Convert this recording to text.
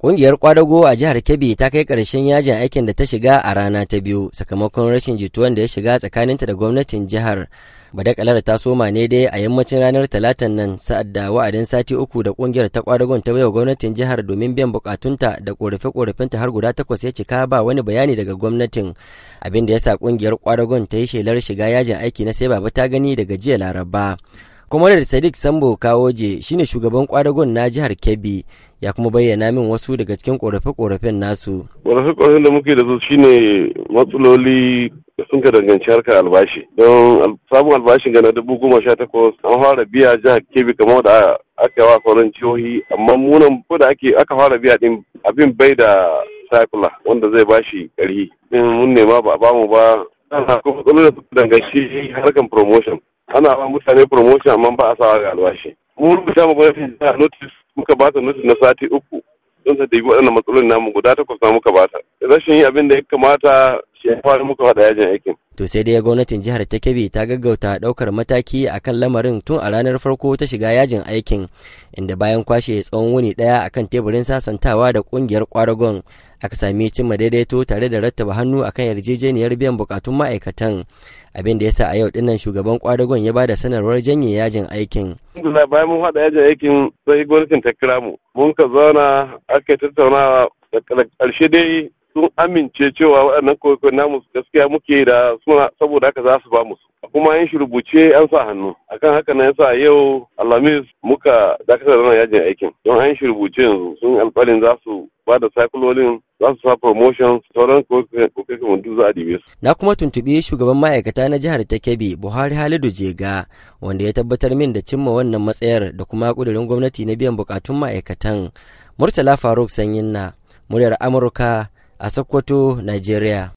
Ƙungiyar kwadago a jihar Kebbi ta kai ƙarshen yajin aikin da ta shiga a rana ta biyu sakamakon rashin jituwan da ya shiga tsakaninta da gwamnatin jihar. Badakalar ta soma ne dai a yammacin ranar talatan nan sa'ad da wa'adin sati uku da ƙungiyar ta kwadagon ta baiwa gwamnatin jihar domin biyan bukatunta da ƙorafe ƙorafinta har guda takwas ya cika ba wani bayani daga gwamnatin. abinda da ya sa ƙungiyar kwadagon ta yi shelar shiga yajin aiki na sai baba ta gani daga jiya Laraba. Kwamarar Sadiq Sambo Kawoje shine shugaban kwadagon na jihar Kebbi ya kuma bayyana min wasu daga cikin korafe-korafen nasu. Korafe-korafen da muke da su shine matsaloli da sun ka danganci harkar albashi. Don samun albashin ga na dubu goma sha takwas an fara biya jihar Kebbi kamar da aka yawa sauran jihohi amma munan ko da aka fara biya din abin bai da sakula wanda zai bashi ƙarhi. Mun nema ba a bamu ba. Kuma matsaloli da suka danganci harkar promotion. ana ba mutane promotion amma ba a sawa ga albashi mun rubuta ma gwamnati da notice muka ba ta notice na sati uku don ta dabi waɗannan matsalolin namu guda takwas na muka ba ta rashin yin abin da ya kamata To sai dai gwamnatin jihar ta Kebbi ta gaggauta ɗaukar mataki a kan lamarin tun a ranar farko ta shiga yajin aikin inda bayan kwashe tsawon wuni ɗaya a kan teburin sasantawa da ƙungiyar ƙwaragon aka sami cimma daidaito tare da rattaba hannu akan yarjejeniyar biyan bukatun ma'aikatan abinda da ya sa a yau dinnan shugaban kwadagon ya bada sanarwar janye yajin aikin. bayan mun haɗa yajin aikin sai gwamnatin ta kira mu mun ka zauna aka tattaunawa da ƙarshe dai sun amince cewa waɗannan koyo namu gaskiya muke da suna saboda haka za su ba mu su kuma yin shi rubuce an sa hannu akan haka na yasa yau alhamis muka dakatar da yajin aikin don an shi rubuce yanzu sun alƙalin za su ba da cyclolin za su sa promotion sauran kokakin duk za a dibe su. Na kuma tuntuɓi shugaban ma'aikata na jihar ta Kebbi Buhari Halidu Jega wanda ya tabbatar min da cimma wannan matsayar da kuma ƙudurin gwamnati na biyan buƙatun ma'aikatan. Murtala Faruk Sanyin na muryar Amurka a Sokoto, Najeriya.